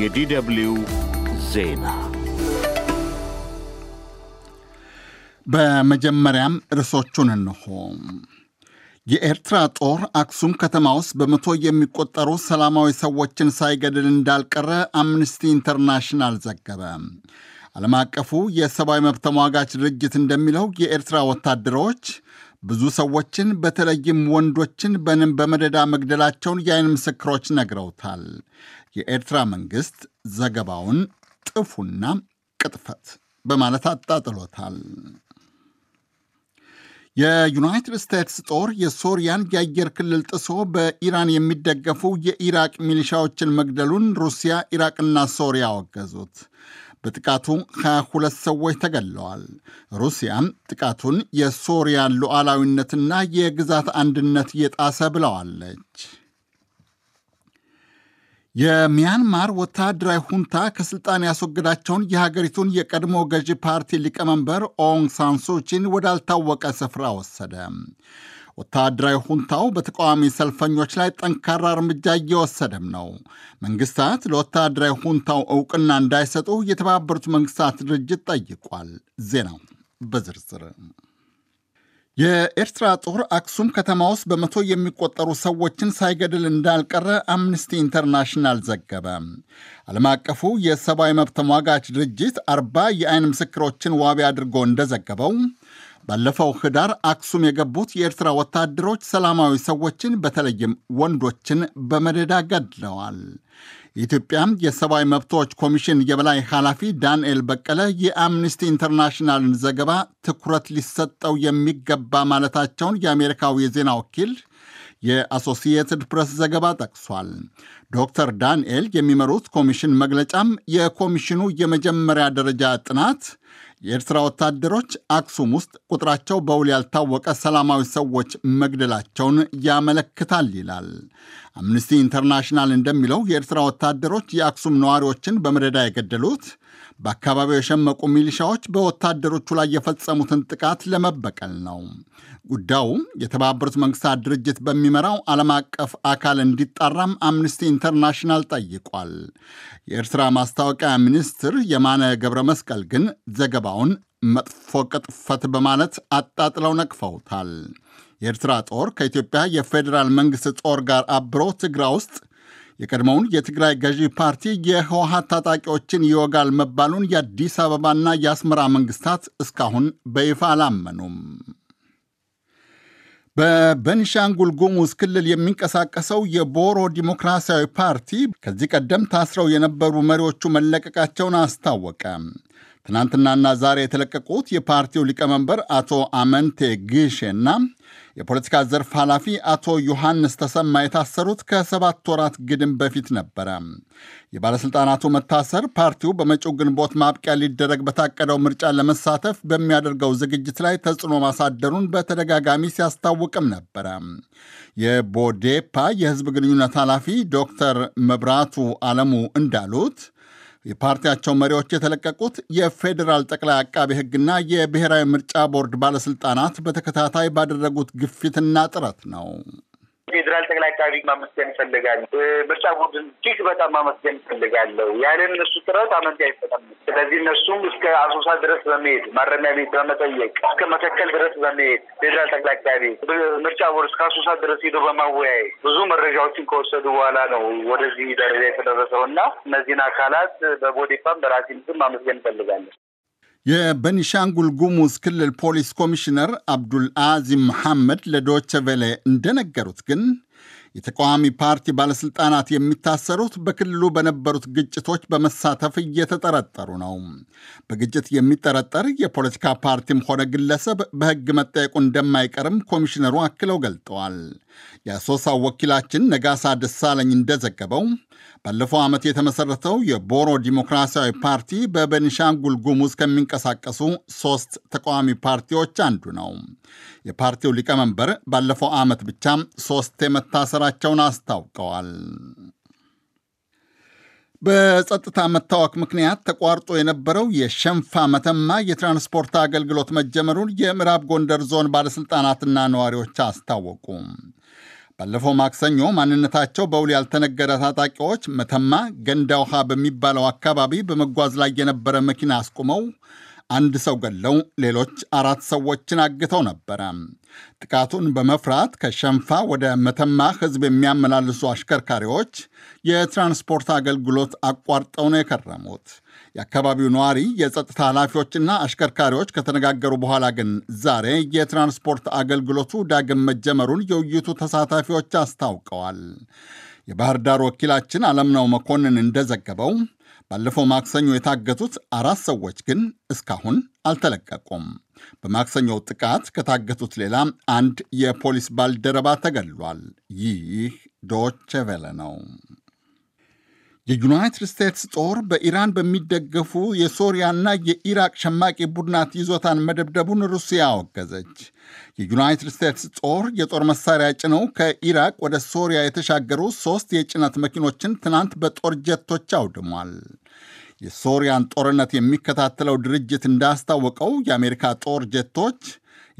የዲደብልዩ ዜና በመጀመሪያም ርዕሶቹን እንሆ። የኤርትራ ጦር አክሱም ከተማ ውስጥ በመቶ የሚቆጠሩ ሰላማዊ ሰዎችን ሳይገድል እንዳልቀረ አምነስቲ ኢንተርናሽናል ዘገበ። ዓለም አቀፉ የሰብአዊ መብት ተሟጋች ድርጅት እንደሚለው የኤርትራ ወታደሮች ብዙ ሰዎችን በተለይም ወንዶችን በንም በመደዳ መግደላቸውን የአይን ምስክሮች ነግረውታል። የኤርትራ መንግስት ዘገባውን ጥፉና ቅጥፈት በማለት አጣጥሎታል። የዩናይትድ ስቴትስ ጦር የሶሪያን የአየር ክልል ጥሶ በኢራን የሚደገፉ የኢራቅ ሚሊሻዎችን መግደሉን ሩሲያ፣ ኢራቅና ሶሪያ አወገዙት። በጥቃቱ 22 ሰዎች ተገለዋል። ሩሲያም ጥቃቱን የሶሪያን ሉዓላዊነትና የግዛት አንድነት የጣሰ ብለዋለች። የሚያንማር ወታደራዊ ሁንታ ከስልጣን ያስወገዳቸውን የሀገሪቱን የቀድሞ ገዢ ፓርቲ ሊቀመንበር ኦንግ ሳንሱቺን ወዳልታወቀ ስፍራ ወሰደ። ወታደራዊ ሁንታው በተቃዋሚ ሰልፈኞች ላይ ጠንካራ እርምጃ እየወሰደም ነው። መንግስታት ለወታደራዊ ሁንታው እውቅና እንዳይሰጡ የተባበሩት መንግስታት ድርጅት ጠይቋል። ዜናው በዝርዝር የኤርትራ ጦር አክሱም ከተማ ውስጥ በመቶ የሚቆጠሩ ሰዎችን ሳይገድል እንዳልቀረ አምነስቲ ኢንተርናሽናል ዘገበ። ዓለም አቀፉ የሰብአዊ መብት ተሟጋች ድርጅት አርባ የአይን ምስክሮችን ዋቢ አድርጎ እንደዘገበው ባለፈው ህዳር አክሱም የገቡት የኤርትራ ወታደሮች ሰላማዊ ሰዎችን በተለይም ወንዶችን በመደዳ ገድለዋል። የኢትዮጵያ የሰብአዊ መብቶች ኮሚሽን የበላይ ኃላፊ ዳንኤል በቀለ የአምኒስቲ ኢንተርናሽናልን ዘገባ ትኩረት ሊሰጠው የሚገባ ማለታቸውን የአሜሪካው የዜና ወኪል የአሶሲየትድ ፕሬስ ዘገባ ጠቅሷል። ዶክተር ዳንኤል የሚመሩት ኮሚሽን መግለጫም የኮሚሽኑ የመጀመሪያ ደረጃ ጥናት የኤርትራ ወታደሮች አክሱም ውስጥ ቁጥራቸው በውል ያልታወቀ ሰላማዊ ሰዎች መግደላቸውን ያመለክታል ይላል። አምነስቲ ኢንተርናሽናል እንደሚለው የኤርትራ ወታደሮች የአክሱም ነዋሪዎችን በመደዳ የገደሉት በአካባቢው የሸመቁ ሚሊሻዎች በወታደሮቹ ላይ የፈጸሙትን ጥቃት ለመበቀል ነው። ጉዳዩ የተባበሩት መንግስታት ድርጅት በሚመራው ዓለም አቀፍ አካል እንዲጣራም አምነስቲ ኢንተርናሽናል ጠይቋል። የኤርትራ ማስታወቂያ ሚኒስትር የማነ ገብረ መስቀል ግን ዘገባውን መጥፎ ቅጥፈት በማለት አጣጥለው ነቅፈውታል። የኤርትራ ጦር ከኢትዮጵያ የፌዴራል መንግሥት ጦር ጋር አብሮ ትግራ ውስጥ የቀድሞውን የትግራይ ገዢ ፓርቲ የህወሀት ታጣቂዎችን ይወጋል መባሉን የአዲስ አበባና የአስመራ መንግስታት እስካሁን በይፋ አላመኑም። በበንሻንጉል ጉሙዝ ክልል የሚንቀሳቀሰው የቦሮ ዲሞክራሲያዊ ፓርቲ ከዚህ ቀደም ታስረው የነበሩ መሪዎቹ መለቀቃቸውን አስታወቀ። ትናንትናና ዛሬ የተለቀቁት የፓርቲው ሊቀመንበር አቶ አመንቴ ግሼ እና የፖለቲካ ዘርፍ ኃላፊ አቶ ዮሐንስ ተሰማ የታሰሩት ከሰባት ወራት ግድም በፊት ነበረ። የባለሥልጣናቱ መታሰር ፓርቲው በመጪው ግንቦት ማብቂያ ሊደረግ በታቀደው ምርጫ ለመሳተፍ በሚያደርገው ዝግጅት ላይ ተጽዕኖ ማሳደሩን በተደጋጋሚ ሲያስታውቅም ነበረ። የቦዴፓ የህዝብ ግንኙነት ኃላፊ ዶክተር መብራቱ አለሙ እንዳሉት የፓርቲያቸው መሪዎች የተለቀቁት የፌዴራል ጠቅላይ አቃቢ ሕግና የብሔራዊ ምርጫ ቦርድ ባለሥልጣናት በተከታታይ ባደረጉት ግፊትና ጥረት ነው። ፌዴራል ጠቅላይ አካባቢ ማመስገን ይፈልጋል። ምርጫ ቡድን እጅግ በጣም ማመስገን ይፈልጋለሁ። ያለ እነሱ ጥረት አመንት አይፈጠም። ስለዚህ እነሱም እስከ አሶሳ ድረስ በመሄድ ማረሚያ ቤት በመጠየቅ እስከ መተከል ድረስ በመሄድ ፌዴራል ጠቅላይ አካባቢ ምርጫ ቦርድ እስከ አሶሳ ድረስ ሄዶ በማወያየት ብዙ መረጃዎችን ከወሰዱ በኋላ ነው ወደዚህ ደረጃ የተደረሰው እና እነዚህን አካላት በቦዴፓም በራሴ ምስም ማመስገን እፈልጋለሁ። የበኒሻንጉል ጉሙዝ ክልል ፖሊስ ኮሚሽነር አብዱል አዚም መሐመድ ለዶቸቬሌ እንደነገሩት ግን የተቃዋሚ ፓርቲ ባለስልጣናት የሚታሰሩት በክልሉ በነበሩት ግጭቶች በመሳተፍ እየተጠረጠሩ ነው። በግጭት የሚጠረጠር የፖለቲካ ፓርቲም ሆነ ግለሰብ በሕግ መጠየቁ እንደማይቀርም ኮሚሽነሩ አክለው ገልጠዋል። የአሶሳው ወኪላችን ነጋሳ ደሳለኝ እንደዘገበው ባለፈው ዓመት የተመሠረተው የቦሮ ዲሞክራሲያዊ ፓርቲ ጉልጉም ጉሙዝ ከሚንቀሳቀሱ ሶስት ተቃዋሚ ፓርቲዎች አንዱ ነው። የፓርቲው ሊቀመንበር ባለፈው ዓመት ብቻ ሶስት የመታሰራ መፍጠራቸውን አስታውቀዋል። በጸጥታ መታወክ ምክንያት ተቋርጦ የነበረው የሸንፋ መተማ የትራንስፖርት አገልግሎት መጀመሩን የምዕራብ ጎንደር ዞን ባለሥልጣናትና ነዋሪዎች አስታወቁ። ባለፈው ማክሰኞ ማንነታቸው በውል ያልተነገረ ታጣቂዎች መተማ ገንዳ ውሃ በሚባለው አካባቢ በመጓዝ ላይ የነበረ መኪና አስቁመው አንድ ሰው ገለው ሌሎች አራት ሰዎችን አግተው ነበረ። ጥቃቱን በመፍራት ከሸንፋ ወደ መተማ ሕዝብ የሚያመላልሱ አሽከርካሪዎች የትራንስፖርት አገልግሎት አቋርጠው ነው የከረሙት። የአካባቢው ነዋሪ የጸጥታ ኃላፊዎችና አሽከርካሪዎች ከተነጋገሩ በኋላ ግን ዛሬ የትራንስፖርት አገልግሎቱ ዳግም መጀመሩን የውይይቱ ተሳታፊዎች አስታውቀዋል። የባህር ዳር ወኪላችን አለምነው መኮንን እንደዘገበው ባለፈው ማክሰኞ የታገቱት አራት ሰዎች ግን እስካሁን አልተለቀቁም። በማክሰኞው ጥቃት ከታገቱት ሌላ አንድ የፖሊስ ባልደረባ ተገድሏል። ይህ ዶቼ ቬለ ነው። የዩናይትድ ስቴትስ ጦር በኢራን በሚደገፉ የሶሪያና የኢራቅ ሸማቂ ቡድናት ይዞታን መደብደቡን ሩሲያ አወገዘች። የዩናይትድ ስቴትስ ጦር የጦር መሳሪያ ጭነው ከኢራቅ ወደ ሶሪያ የተሻገሩ ሦስት የጭነት መኪኖችን ትናንት በጦር ጀቶች አውድሟል። የሶሪያን ጦርነት የሚከታተለው ድርጅት እንዳስታወቀው የአሜሪካ ጦር ጀቶች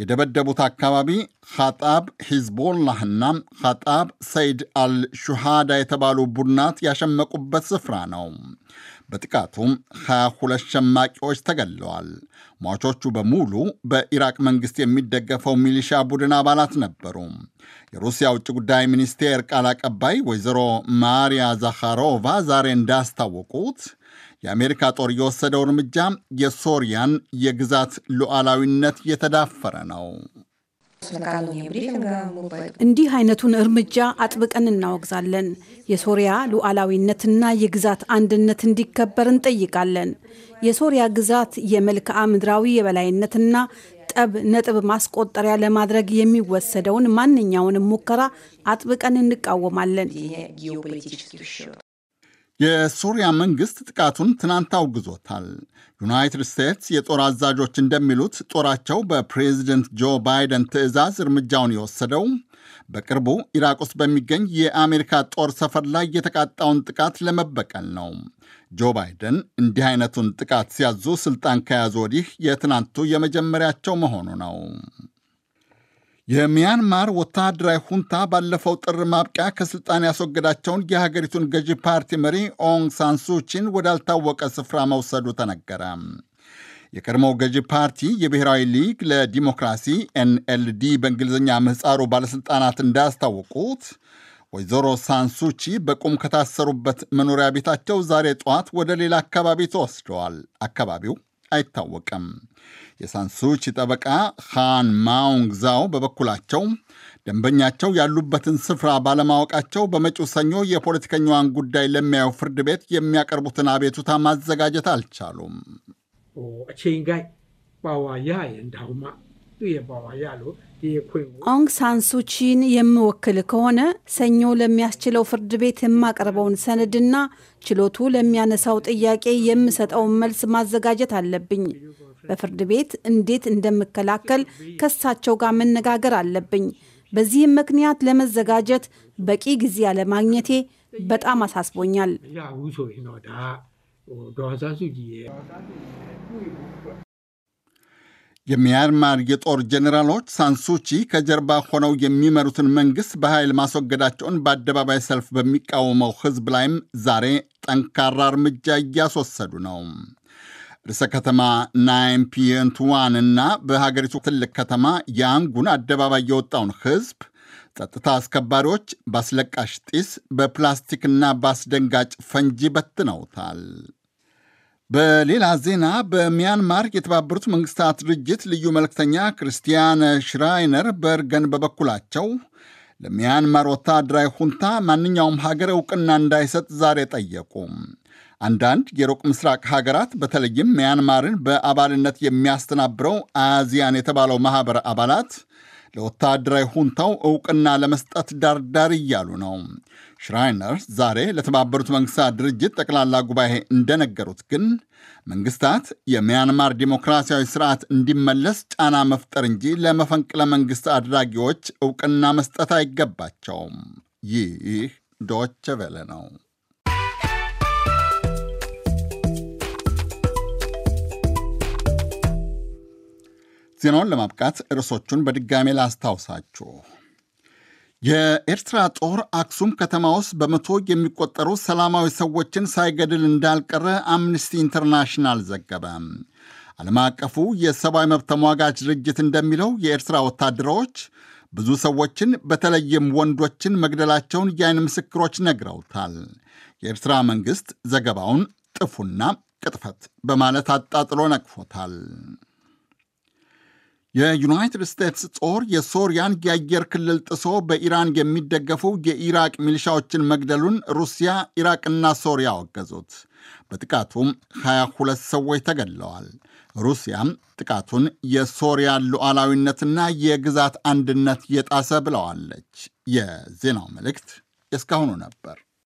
የደበደቡት አካባቢ ኻጣብ ሂዝቦላህና ኻጣብ ሰይድ አልሹሃዳ የተባሉ ቡድናት ያሸመቁበት ስፍራ ነው። በጥቃቱም 22 ሸማቂዎች ተገለዋል። ሟቾቹ በሙሉ በኢራቅ መንግሥት የሚደገፈው ሚሊሻ ቡድን አባላት ነበሩ። የሩሲያ ውጭ ጉዳይ ሚኒስቴር ቃል አቀባይ ወይዘሮ ማሪያ ዛኻሮቫ ዛሬ እንዳስታወቁት የአሜሪካ ጦር የወሰደው እርምጃ የሶሪያን የግዛት ሉዓላዊነት የተዳፈረ ነው። እንዲህ አይነቱን እርምጃ አጥብቀን እናወግዛለን። የሶሪያ ሉዓላዊነትና የግዛት አንድነት እንዲከበር እንጠይቃለን። የሶሪያ ግዛት የመልክዓ ምድራዊ የበላይነትና ጠብ ነጥብ ማስቆጠሪያ ለማድረግ የሚወሰደውን ማንኛውንም ሙከራ አጥብቀን እንቃወማለን። የሱሪያ መንግስት ጥቃቱን ትናንት አውግዞታል። ዩናይትድ ስቴትስ የጦር አዛዦች እንደሚሉት ጦራቸው በፕሬዚደንት ጆ ባይደን ትዕዛዝ እርምጃውን የወሰደው በቅርቡ ኢራቅ ውስጥ በሚገኝ የአሜሪካ ጦር ሰፈር ላይ የተቃጣውን ጥቃት ለመበቀል ነው። ጆ ባይደን እንዲህ አይነቱን ጥቃት ሲያዙ ስልጣን ከያዙ ወዲህ የትናንቱ የመጀመሪያቸው መሆኑ ነው። የሚያንማር ወታደራዊ ሁንታ ባለፈው ጥር ማብቂያ ከስልጣን ያስወገዳቸውን የሀገሪቱን ገዢ ፓርቲ መሪ ኦንግ ሳንሱቺን ወዳልታወቀ ስፍራ መውሰዱ ተነገረ። የቀድሞው ገዢ ፓርቲ የብሔራዊ ሊግ ለዲሞክራሲ ኤንኤልዲ በእንግሊዝኛ ምህፃሩ ባለሥልጣናት እንዳስታወቁት ወይዘሮ ሳንሱቺ በቁም ከታሰሩበት መኖሪያ ቤታቸው ዛሬ ጠዋት ወደ ሌላ አካባቢ ተወስደዋል። አካባቢው አይታወቅም። የሳንሱቺ ጠበቃ ሃን ማውንግ ዛው በበኩላቸው ደንበኛቸው ያሉበትን ስፍራ ባለማወቃቸው በመጪው ሰኞ የፖለቲከኛዋን ጉዳይ ለሚያየው ፍርድ ቤት የሚያቀርቡትን አቤቱታ ማዘጋጀት አልቻሉም። ኦንግ ሳንሱቺን የምወክል ከሆነ ሰኞ ለሚያስችለው ፍርድ ቤት የማቀርበውን ሰነድና ችሎቱ ለሚያነሳው ጥያቄ የምሰጠውን መልስ ማዘጋጀት አለብኝ። በፍርድ ቤት እንዴት እንደምከላከል ከሳቸው ጋር መነጋገር አለብኝ። በዚህም ምክንያት ለመዘጋጀት በቂ ጊዜ አለማግኘቴ በጣም አሳስቦኛል። የሚያንማር የጦር ጄኔራሎች ሳንሱቺ ከጀርባ ሆነው የሚመሩትን መንግስት በኃይል ማስወገዳቸውን በአደባባይ ሰልፍ በሚቃወመው ህዝብ ላይም ዛሬ ጠንካራ እርምጃ እያስወሰዱ ነው። ርዕሰ ከተማ ናይምፒንቱዋን እና በሀገሪቱ ትልቅ ከተማ ያንጉን አደባባይ የወጣውን ህዝብ ጸጥታ አስከባሪዎች በአስለቃሽ ጢስ፣ በፕላስቲክና በአስደንጋጭ ፈንጂ በትነውታል። በሌላ ዜና በሚያንማር የተባበሩት መንግስታት ድርጅት ልዩ መልእክተኛ ክርስቲያን ሽራይነር በርገን በበኩላቸው ለሚያንማር ወታደራዊ ሁንታ ማንኛውም ሀገር እውቅና እንዳይሰጥ ዛሬ ጠየቁ። አንዳንድ የሩቅ ምስራቅ ሀገራት በተለይም ሚያንማርን በአባልነት የሚያስተናብረው አዚያን የተባለው ማኅበር አባላት ለወታደራዊ ሁንታው እውቅና ለመስጠት ዳርዳር እያሉ ነው። ሽራይነር ዛሬ ለተባበሩት መንግስታት ድርጅት ጠቅላላ ጉባኤ እንደነገሩት ግን መንግስታት የሚያንማር ዲሞክራሲያዊ ስርዓት እንዲመለስ ጫና መፍጠር እንጂ ለመፈንቅለ መንግስት አድራጊዎች እውቅና መስጠት አይገባቸውም። ይህ ዶቸ ቬለ ነው። ዜናውን ለማብቃት ርዕሶቹን በድጋሜ ላስታውሳችሁ። የኤርትራ ጦር አክሱም ከተማ ውስጥ በመቶ የሚቆጠሩ ሰላማዊ ሰዎችን ሳይገድል እንዳልቀረ አምነስቲ ኢንተርናሽናል ዘገበ። ዓለም አቀፉ የሰብአዊ መብት ተሟጋች ድርጅት እንደሚለው የኤርትራ ወታደሮች ብዙ ሰዎችን በተለይም ወንዶችን መግደላቸውን የአይን ምስክሮች ነግረውታል። የኤርትራ መንግሥት ዘገባውን ጥፉና ቅጥፈት በማለት አጣጥሎ ነቅፎታል። የዩናይትድ ስቴትስ ጦር የሶሪያን የአየር ክልል ጥሶ በኢራን የሚደገፉ የኢራቅ ሚሊሻዎችን መግደሉን ሩሲያ፣ ኢራቅና ሶሪያ አወገዙት። በጥቃቱም 22 ሰዎች ተገድለዋል። ሩሲያም ጥቃቱን የሶሪያ ሉዓላዊነትና የግዛት አንድነት የጣሰ ብለዋለች። የዜናው መልእክት እስካሁኑ ነበር።